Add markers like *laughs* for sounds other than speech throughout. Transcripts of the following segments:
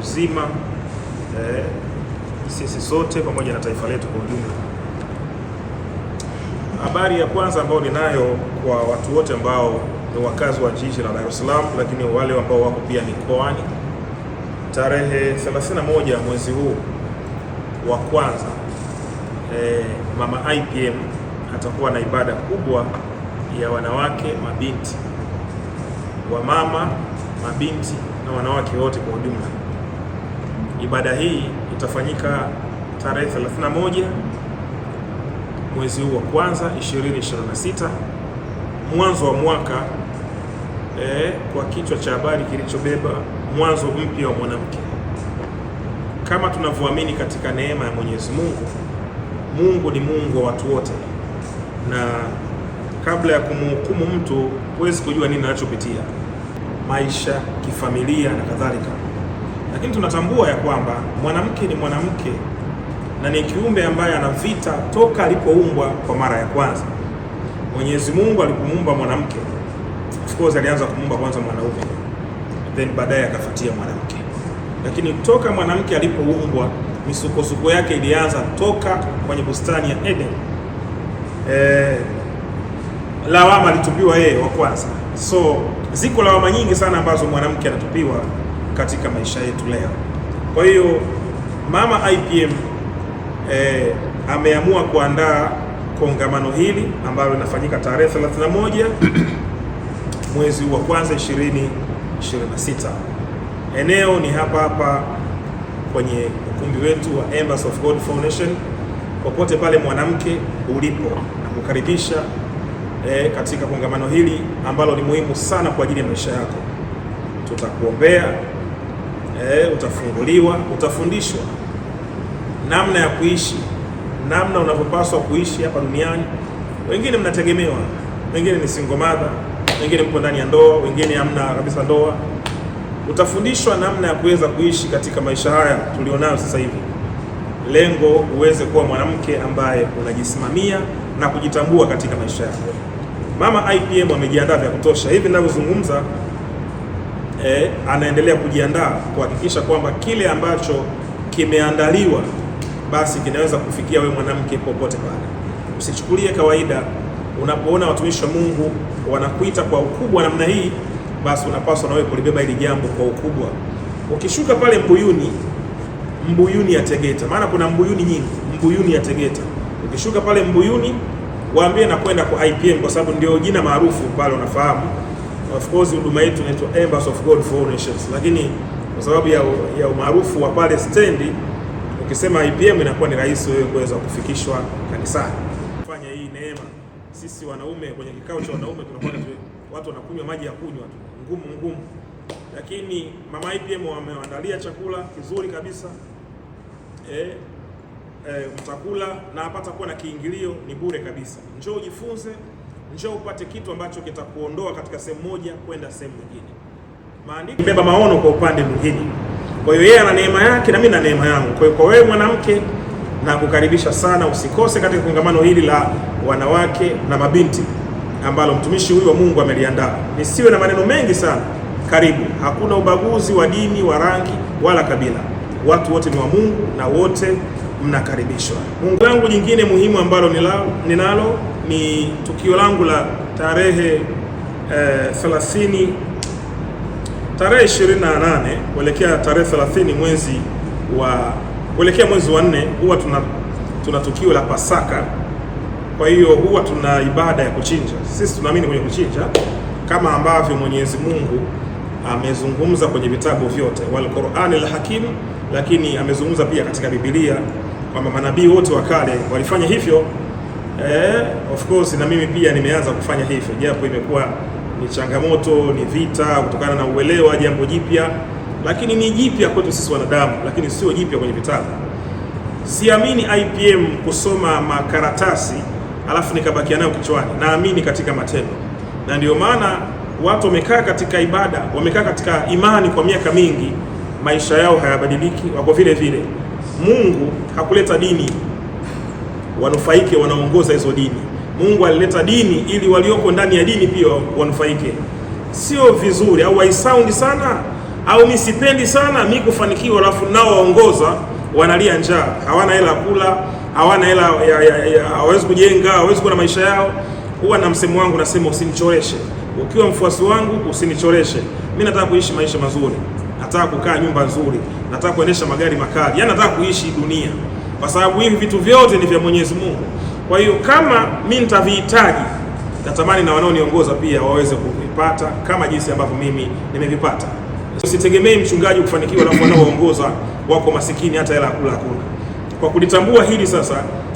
uzima eh, sisi sote pamoja na taifa letu kwa ujumla. Habari ya kwanza ambayo ninayo kwa watu wote ambao ni wakazi wa jiji la Dar es Salaam, lakini wale ambao wako pia mikoani, tarehe 31 mwezi huu wa kwanza eh, mama IPM atakuwa na ibada kubwa ya wanawake, mabinti, wa mama mabinti na wanawake wote kwa ujumla Ibada hii itafanyika tarehe 31 mwezi huu wa kwanza 2026, mwanzo wa mwaka eh, kwa kichwa cha habari kilichobeba mwanzo mpya wa mwanamke. Kama tunavyoamini katika neema ya Mwenyezi Mungu, Mungu ni Mungu wa watu wote, na kabla ya kumhukumu mtu huwezi kujua nini anachopitia maisha, kifamilia na kadhalika. Lakini tunatambua ya kwamba mwanamke ni mwanamke na ni kiumbe ambaye ana vita toka alipoumbwa kwa mara ya kwanza. Mwenyezi Mungu alipomuumba mwanamke, of course alianza kumuumba kwanza mwanaume, then baadaye akafuatia mwanamke. Lakini toka mwanamke alipoumbwa, misukosuko yake ilianza toka kwenye bustani ya Eden. Eh, lawama alitupiwa yeye wa kwanza, so ziko lawama nyingi sana ambazo mwanamke anatupiwa katika maisha yetu leo. Kwa hiyo mama IPM eh, ameamua kuandaa kongamano hili ambalo linafanyika tarehe 31 *clears throat* mwezi wa kwanza 2026. Eneo ni hapa hapa kwenye ukumbi wetu wa Embassy of God Foundation. Popote pale mwanamke ulipo, nakukaribisha eh, katika kongamano hili ambalo ni muhimu sana kwa ajili ya maisha yako. Tutakuombea eh, utafunguliwa, utafundishwa namna ya kuishi, namna unavyopaswa kuishi hapa duniani. Wengine mnategemewa, wengine ni single mother, wengine mko ndani ya ndoa, wengine hamna kabisa ndoa. Utafundishwa namna ya kuweza kuishi katika maisha haya tulionayo sasa hivi, lengo uweze kuwa mwanamke ambaye unajisimamia na kujitambua katika maisha yako. Mama IPM amejiandaa vya kutosha. Hivi ninavyozungumza eh, anaendelea kujiandaa kuhakikisha kwamba kile ambacho kimeandaliwa basi kinaweza kufikia wewe mwanamke popote pale. Usichukulie kawaida unapoona watumishi wa Mungu wanakuita kwa ukubwa namna hii, basi unapaswa na wewe kulibeba hili jambo kwa ukubwa. Ukishuka pale Mbuyuni, Mbuyuni ya Tegeta, maana kuna Mbuyuni nyingi, Mbuyuni ya Tegeta. Ukishuka pale Mbuyuni, waambie na kwenda kwa IPM kwa sababu ndio jina maarufu pale, unafahamu Of course huduma yetu inaitwa Embassy of God for nations, lakini kwa sababu ya, ya umaarufu wa pale stendi, ukisema IPM inakuwa ni rahisi wewe kuweza kufikishwa kanisani. Fanya hii neema, sisi wanaume kwenye kikao cha wanaume tunakuwa watu wanakunywa maji ya kunywa tu ngumu ngumu, lakini mama IPM wameandalia chakula kizuri kabisa eh, eh, mtakula na hapata kuwa na kiingilio, ni bure kabisa. Njoo jifunze njoo upate kitu ambacho kitakuondoa katika sehemu moja kwenda sehemu nyingine. Maandiko beba maono kwa upande mwingine. Kwa hiyo yeye ana neema yake na mimi na neema yangu. Kwa hiyo kwa wewe mwanamke, nakukaribisha sana, usikose katika kongamano hili la wanawake na mabinti ambalo mtumishi huyu wa Mungu ameliandaa. Nisiwe na maneno mengi sana. Karibu. Hakuna ubaguzi wa dini, wa rangi wala kabila. Watu wote ni wa Mungu na wote mnakaribishwa. Mungu langu jingine muhimu ambalo ninalo ni tukio langu la tarehe eh, 30 tarehe 28 kuelekea tarehe 30 mwezi wa kuelekea mwezi wa nne, huwa tuna tuna tukio la Pasaka. Kwa hiyo huwa tuna ibada ya kuchinja. Sisi tunaamini kwenye kuchinja kama ambavyo Mwenyezi Mungu amezungumza kwenye vitabu vyote wal Qur'an al Hakim, lakini amezungumza pia katika Biblia kwamba manabii wote wa kale walifanya hivyo eh, of course na mimi pia nimeanza kufanya hivyo, japo imekuwa ni changamoto, ni vita kutokana na uelewa jambo jipya, lakini ni jipya kwetu sisi wanadamu, lakini sio jipya kwenye vitabu. Siamini IPM kusoma makaratasi alafu nikabakia nayo kichwani, naamini katika matendo, na ndio maana watu wamekaa katika ibada, wamekaa katika imani kwa miaka mingi, maisha yao hayabadiliki, wako vile vile. Mungu hakuleta dini wanufaike wanaongoza hizo dini. Mungu alileta dini ili walioko ndani ya dini pia wanufaike. Sio vizuri au waisaundi sana au mi sipendi sana mi kufanikiwa, alafu nao waongoza wanalia njaa, hawana hela ya kula, hawana hela, hawezi kujenga, hawezi kuwa na maisha yao. Huwa na msemo wangu nasema, usinichoreshe. Ukiwa mfuasi wangu usinichoreshe. Mi nataka kuishi maisha mazuri, nataka kukaa nyumba nzuri, nataka kuendesha magari makali, yaani nataka kuishi dunia kwa sababu hivi vitu vyote ni vya Mwenyezi Mungu. Kwa hiyo kama mimi nitavihitaji, natamani na wanaoniongoza pia waweze kuvipata kama jinsi ambavyo mimi nimevipata. Usitegemee mchungaji kufanikiwa alafu wanaoongoza wako masikini, hata hela kula hakuna. Kwa kulitambua hili sasa,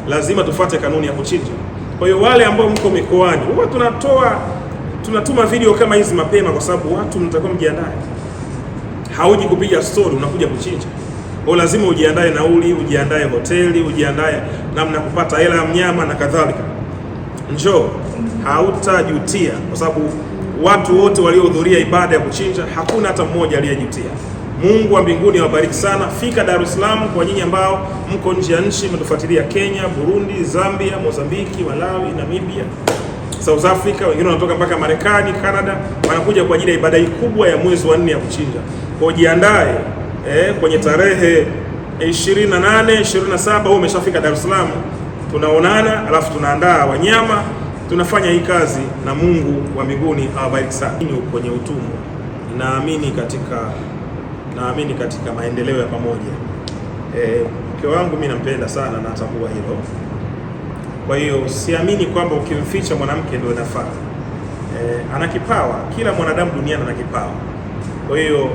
lazima tufate kanuni ya kuchinja. Kwa hiyo wale ambao mko mikoani, huwa tunatoa tunatuma video kama hizi mapema, kwa sababu watu mtakuwa mjiandae. Hauji kupiga story, unakuja kuchinja. Kwa lazima ujiandae nauli, ujiandae hoteli, ujiandae namna kupata hela ya mnyama na kadhalika. Njoo, hautajutia kwa sababu watu wote waliohudhuria ibada ya kuchinja hakuna hata mmoja aliyejutia. Mungu wa mbinguni awabariki sana. Fika Dar es Salaam. Kwa nyinyi ambao mko nje ya nchi, mmetufuatilia Kenya, Burundi, Zambia, Mozambiki, Malawi, Namibia, South Africa, wengine wanatoka mpaka Marekani, Canada, wanakuja kwa ajili ya ibada hii kubwa ya mwezi wa nne ya kuchinja. Kwa jiandae eh, kwenye tarehe 28 27, huo umeshafika Dar es Salaam, tunaonana, alafu tunaandaa wanyama, tunafanya hii kazi, na Mungu wa mbinguni awabariki sana. Kwenye utumwa, naamini katika naamini katika maendeleo ya pamoja. Eh, mke wangu mimi nampenda sana na natambua hilo. Kwa hiyo siamini kwamba ukimficha mwanamke ndio inafaa. Eh, ana kipawa, kila mwanadamu duniani ana kipawa. Kwa hiyo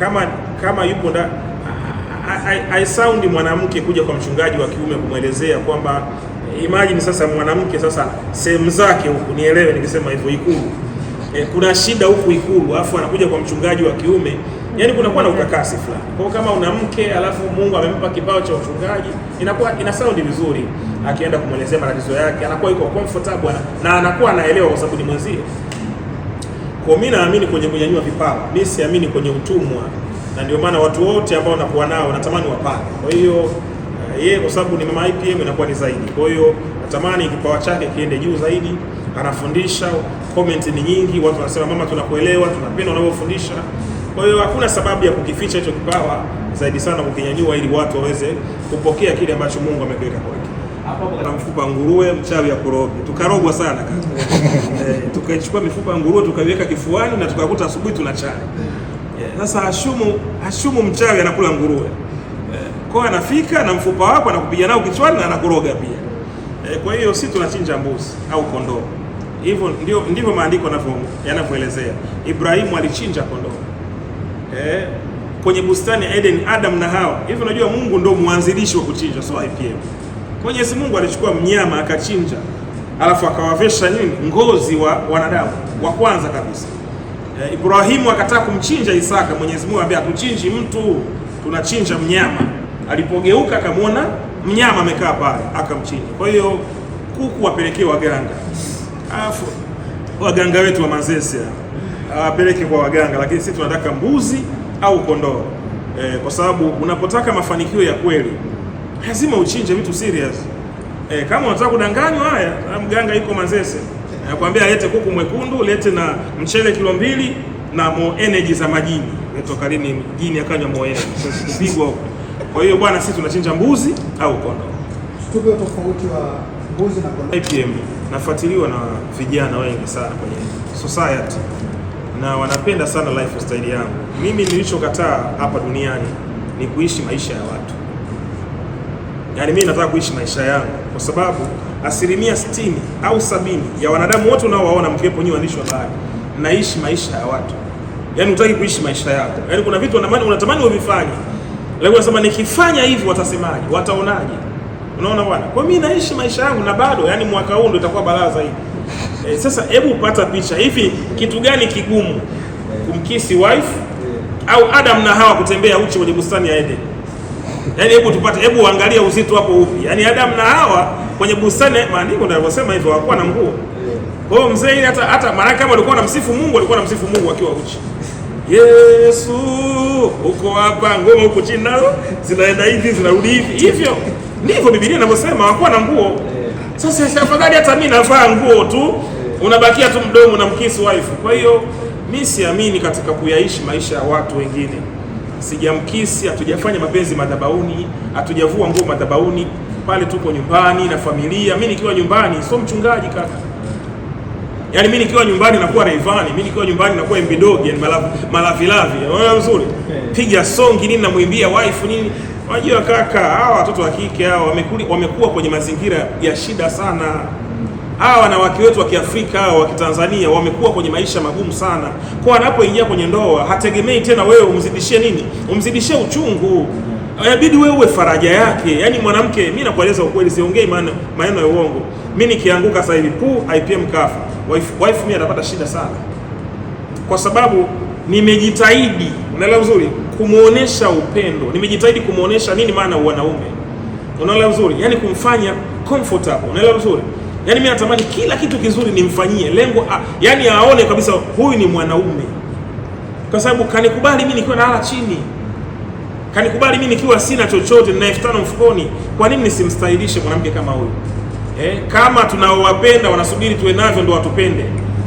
kama kama yupo nda sound mwanamke kuja kwa mchungaji wa kiume kumwelezea kwamba eh, imagine sasa mwanamke sasa sehemu zake huku, nielewe nikisema hivyo Ikulu e, kuna shida huku Ikulu, alafu anakuja kwa mchungaji wa kiume yani kunakuwa na utakasi fulani. Kwa kama una mke alafu Mungu amempa kibao cha uchungaji, inakuwa ina sound vizuri, akienda kumwelezea matatizo yake anakuwa yuko comfortable na anakuwa anaelewa kwa sababu ni mwenzie. Kwa mimi naamini kwenye kunyanyua vipawa, mimi siamini kwenye utumwa na ndio maana watu wote ambao nakuwa nao natamani wapate. Kwa hiyo eh, yeye kwa sababu ni mama IPM inakuwa ni zaidi, kwa hiyo natamani kipawa chake kiende juu zaidi. Anafundisha, comment ni nyingi, watu wanasema mama, tunakuelewa, tunapenda unavyofundisha. Kwa hiyo hakuna sababu ya kukificha hicho kipawa zaidi sana kukinyanyua, ili watu waweze kupokea kile ambacho Mungu amekiweka kwake. Hapo kuna mfupa nguruwe mchawi ya kurogi, tukarogwa sana kazi. *laughs* E, eh, tukaichukua mifupa ya nguruwe tukaiweka kifuani na tukakuta asubuhi tunachana sasa yeah, Hashumu Hashumu mchawi anakula nguruwe yeah. Kwa anafika na mfupa wako anakupiga nao kichwani na anakuroga pia yeah. Kwa hiyo si tunachinja mbuzi au kondoo, hivyo ndio ndivyo maandiko yanavyoelezea. Ibrahimu alichinja kondoo yeah. Kwenye bustani ya Eden, Adam na Hawa. Hivyo unajua Mungu ndio mwanzilishi wa kuchinja, sio IPM. Mwenyezi Mungu alichukua mnyama akachinja, alafu akawavesha nini ngozi wa wanadamu wa kwanza kabisa e, Ibrahimu akataka kumchinja Isaka, Mwenyezi Mungu anambia hatuchinji mtu, tunachinja mnyama. Alipogeuka akamwona mnyama amekaa pale, akamchinja. Kwa hiyo kuku wapelekee waganga, alafu waganga wetu wa Manzese awapeleke kwa waganga, lakini sisi tunataka mbuzi au kondoo e, kwa sababu unapotaka mafanikio ya kweli lazima uchinje vitu serious. E, kama unataka kudanganywa, haya mganga yuko Manzese Nakwambia lete kuku mwekundu, lete na mchele kilo mbili na mo energy za majini. Natoka lini jini akanywa mo energy? kupigwa huko. Kwa hiyo bwana, sisi tunachinja mbuzi au kondoo. Tupe tofauti wa mbuzi na kondoo. IPM nafuatiliwa na vijana wengi sana kwenye society na wanapenda sana lifestyle yangu. Mimi nilichokataa hapa duniani ni kuishi maisha ya watu. Yaani mimi nataka kuishi maisha yangu kwa sababu asilimia sitini au sabini ya wanadamu wote unaowaona mkiwepo nyinyi waandishi wa habari naishi maisha ya watu, yaani hutaki kuishi maisha yako. Yaani kuna vitu unatamani uvifanye, lakini unasema nikifanya hivi watasemaje, wataonaje? Unaona bwana, kwa mimi naishi maisha yangu na bado, yaani mwaka huu ndio itakuwa balaa zaidi. *laughs* E, sasa hebu pata picha, hivi kitu gani kigumu kumkisi wife au Adam na Hawa kutembea uchi kwenye bustani ya Eden? Yaani hebu tupate, hebu angalia uzito wako upi. Yaani Adamu na Hawa kwenye bustani, maandiko ndio yanasema hivyo, hawakuwa na nguo. Kwa hiyo mzee hata hata maana kama alikuwa anamsifu Mungu, alikuwa anamsifu Mungu akiwa uchi. Yesu, uko hapa, ngoma huko chini nao zinaenda hivi zinarudi hivi. Hivyo ndivyo Biblia inavyosema, hawakuwa na nguo. Sasa afadhali hata mimi navaa nguo tu, unabakia tu mdomo na mkisi wife. Kwa hiyo mimi siamini katika kuyaishi maisha ya watu wengine sijamkisi, hatujafanya mapenzi madhabauni, hatujavua nguo madhabauni, pale tuko nyumbani na familia. Mimi nikiwa nyumbani sio mchungaji kaka, yaani mimi nikiwa nyumbani nakuwa Rayvanny, mimi nikiwa nyumbani nakuwa MB Dog, yani lavi, Unaona mzuri, eh. piga songi nini, namwimbia wife nini. Unajua kaka, hawa watoto wa kike hawa wamekuwa kwenye mazingira ya shida sana hawa wanawake wetu wa Kiafrika hawa wa Kitanzania wamekuwa kwenye maisha magumu sana, kwa anapoingia kwenye ndoa hategemei tena wewe umzidishie nini, umzidishie uchungu, inabidi wewe uwe faraja yake. Yaani mwanamke, mi nakueleza ukweli, siongei maneno ya uongo. Mi nikianguka sasa hivi puu IPM kafa, wife wife, mi atapata shida sana, kwa sababu nimejitahidi, unaelewa vizuri, kumwonesha upendo, nimejitahidi kumwonesha nini maana wanaume, unaelewa vizuri, yaani kumfanya comfortable, unaelewa vizuri Yaani mimi natamani kila kitu kizuri nimfanyie lengo, yaani aone kabisa huyu ni mwanaume, kwa sababu kanikubali mimi nikiwa nalala chini, kanikubali mimi nikiwa sina chochote na elfu tano mfukoni. Kwa nini nisimstahilishe mwanamke kama huyu eh? Kama tunaowapenda wanasubiri tuwe navyo ndio watupende,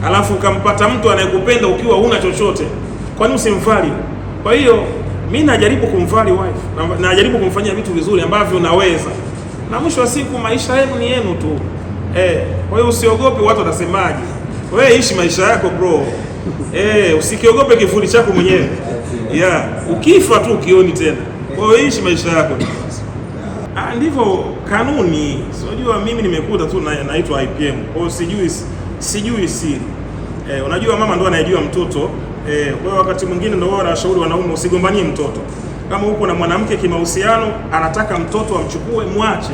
alafu ukampata mtu anayekupenda ukiwa huna chochote, kwa nini usimvali? Kwa hiyo mimi najaribu kumvali wife najaribu kumfanyia vitu vizuri ambavyo naweza, na mwisho wa siku maisha yenu ni yenu tu. Eh, kwa hiyo usiogope watu watasemaje. Wewe ishi maisha yako bro. Eh, usikiogope kivuli chako mwenyewe. Yeah, ukifa tu ukioni tena. Kwa hiyo ishi maisha yako. Ah, ndivyo kanuni. Unajua mimi nimekuta tu na, naitwa IPM. Kwa hiyo sijui sijui siri. Eh, unajua mama ndo anayejua mtoto. Eh, kwa wakati mwingine ndio wao wanashauri wanaume usigombanie mtoto. Kama uko na mwanamke kimahusiano anataka mtoto amchukue, mwache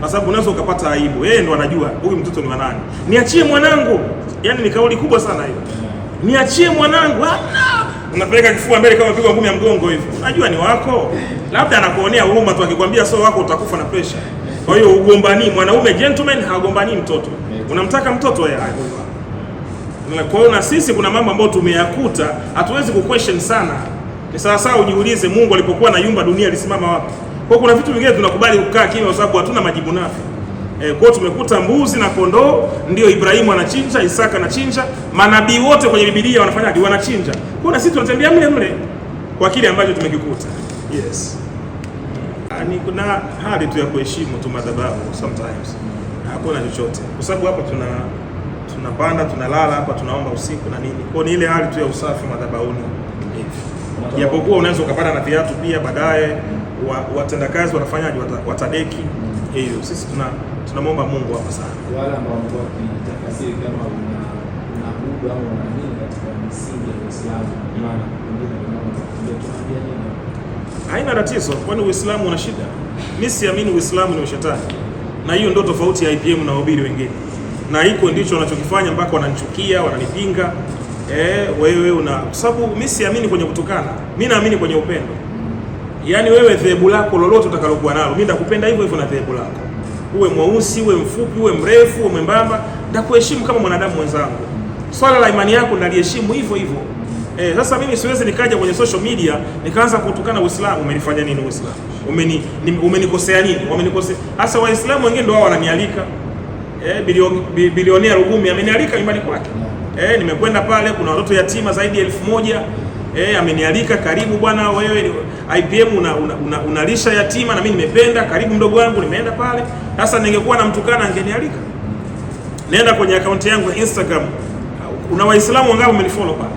kwa sababu unaweza ukapata aibu. Yeye ndo anajua huyu mtoto ni wanani, niachie mwanangu. Yani ni kauli kubwa sana hiyo, niachie mwanangu. hapana. Ah, unapeleka kifua mbele kama pigwa ngumi ya mgongo hivi, unajua ni wako, labda anakuonea huruma tu, akikwambia sio wako utakufa na pressure. Kwa hiyo ugombani, mwanaume gentleman hagombani mtoto. Unamtaka mtoto yeye kwa hiyo na sisi kuna mambo ambayo tumeyakuta, hatuwezi kuquestion sana. Ni sawasawa, ujiulize Mungu alipokuwa na yumba dunia alisimama wapi? Kwa kuna vitu vingine tunakubali kukaa kimya kwa sababu hatuna majibu nafi. E, kwa tumekuta mbuzi na kondoo ndio Ibrahimu anachinja, Isaka anachinja, manabii wote kwenye Biblia wanafanyaje? Wanachinja. Kwa na sisi tunatembea mle mle kwa kile ambacho tumekikuta. Yes. Ani ah, kuna hali tu ya kuheshimu tu madhabahu sometimes. Hakuna chochote. Kwa sababu hapa tuna tunapanda, tunalala hapa, tunaomba usiku na nini. Kwa ni ile hali tu ya usafi madhabahuni. Japokuwa unaweza ukapata na viatu pia baadaye Mm watendakazi wanafanyaje, watadeki hiyo. Sisi tuna tunamwomba Mungu hapa sana, wale ambao wakitafasiri kama unaabudu au unaamini katika misingi ya Uislamu, maana haina tatizo, kwani Uislamu una shida? Mimi siamini Uislamu ni ushetani, na hiyo ndio tofauti ya IPM na wahubiri wengine, na hiko ndicho wanachokifanya mpaka wananichukia, wananipinga. Eh, wewe una, kwa sababu mimi siamini kwenye kutukana, mimi naamini kwenye upendo Yaani wewe dhehebu lako lolote utakalokuwa nalo, mimi nakupenda hivyo hivyo na dhehebu lako, uwe mweusi, uwe mfupi, uwe mrefu, uwe mwembamba, nitakuheshimu kama mwanadamu mwenzangu. Swala la imani yako ndaliheshimu hivyo hivyo. Eh, sasa mimi siwezi nikaja kwenye social media nikaanza kutukana Uislamu. Umenifanya nini Uislamu? Umeni umenikosea nini? Wamenikosea. Hasa Waislamu wengine ndio wao wananialika. Eh, bilioni bilionea Rugumi amenialika nyumbani kwake. Eh, nimekwenda pale kuna watoto yatima zaidi ya elfu moja eh, amenialika karibu bwana, wewe IPM una, una, unalisha una yatima, na mimi nimependa, karibu mdogo wangu. Nimeenda pale. Sasa ningekuwa namtukana angenialika, nenda kwenye akaunti yangu ya Instagram. Una Waislamu wangapi wamenifollow pale?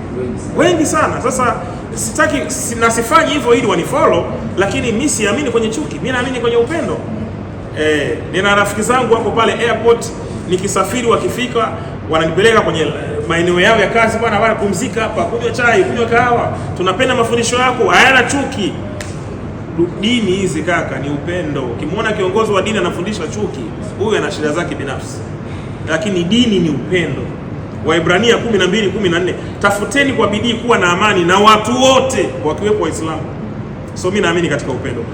Wengi sana. Sasa sitaki na sifanyi hivyo ili wanifollow, lakini mimi siamini kwenye chuki, mimi naamini kwenye upendo. Eh, nina rafiki zangu hapo pale airport nikisafiri, wakifika wananipeleka kwenye maeneo yao ya kazi, bwana bwana, pumzika hapa, kunywa chai, kunywa kahawa, tunapenda mafundisho yako, hayana chuki. Dini hizi kaka, ni upendo. Ukimwona kiongozi wa dini anafundisha chuki, huyu ana shida zake binafsi, lakini dini ni upendo. Waibrania 14, tafuteni kwa bidii kuwa na amani na watu wote, wakiwepo Waislamu. So mimi naamini katika upendo.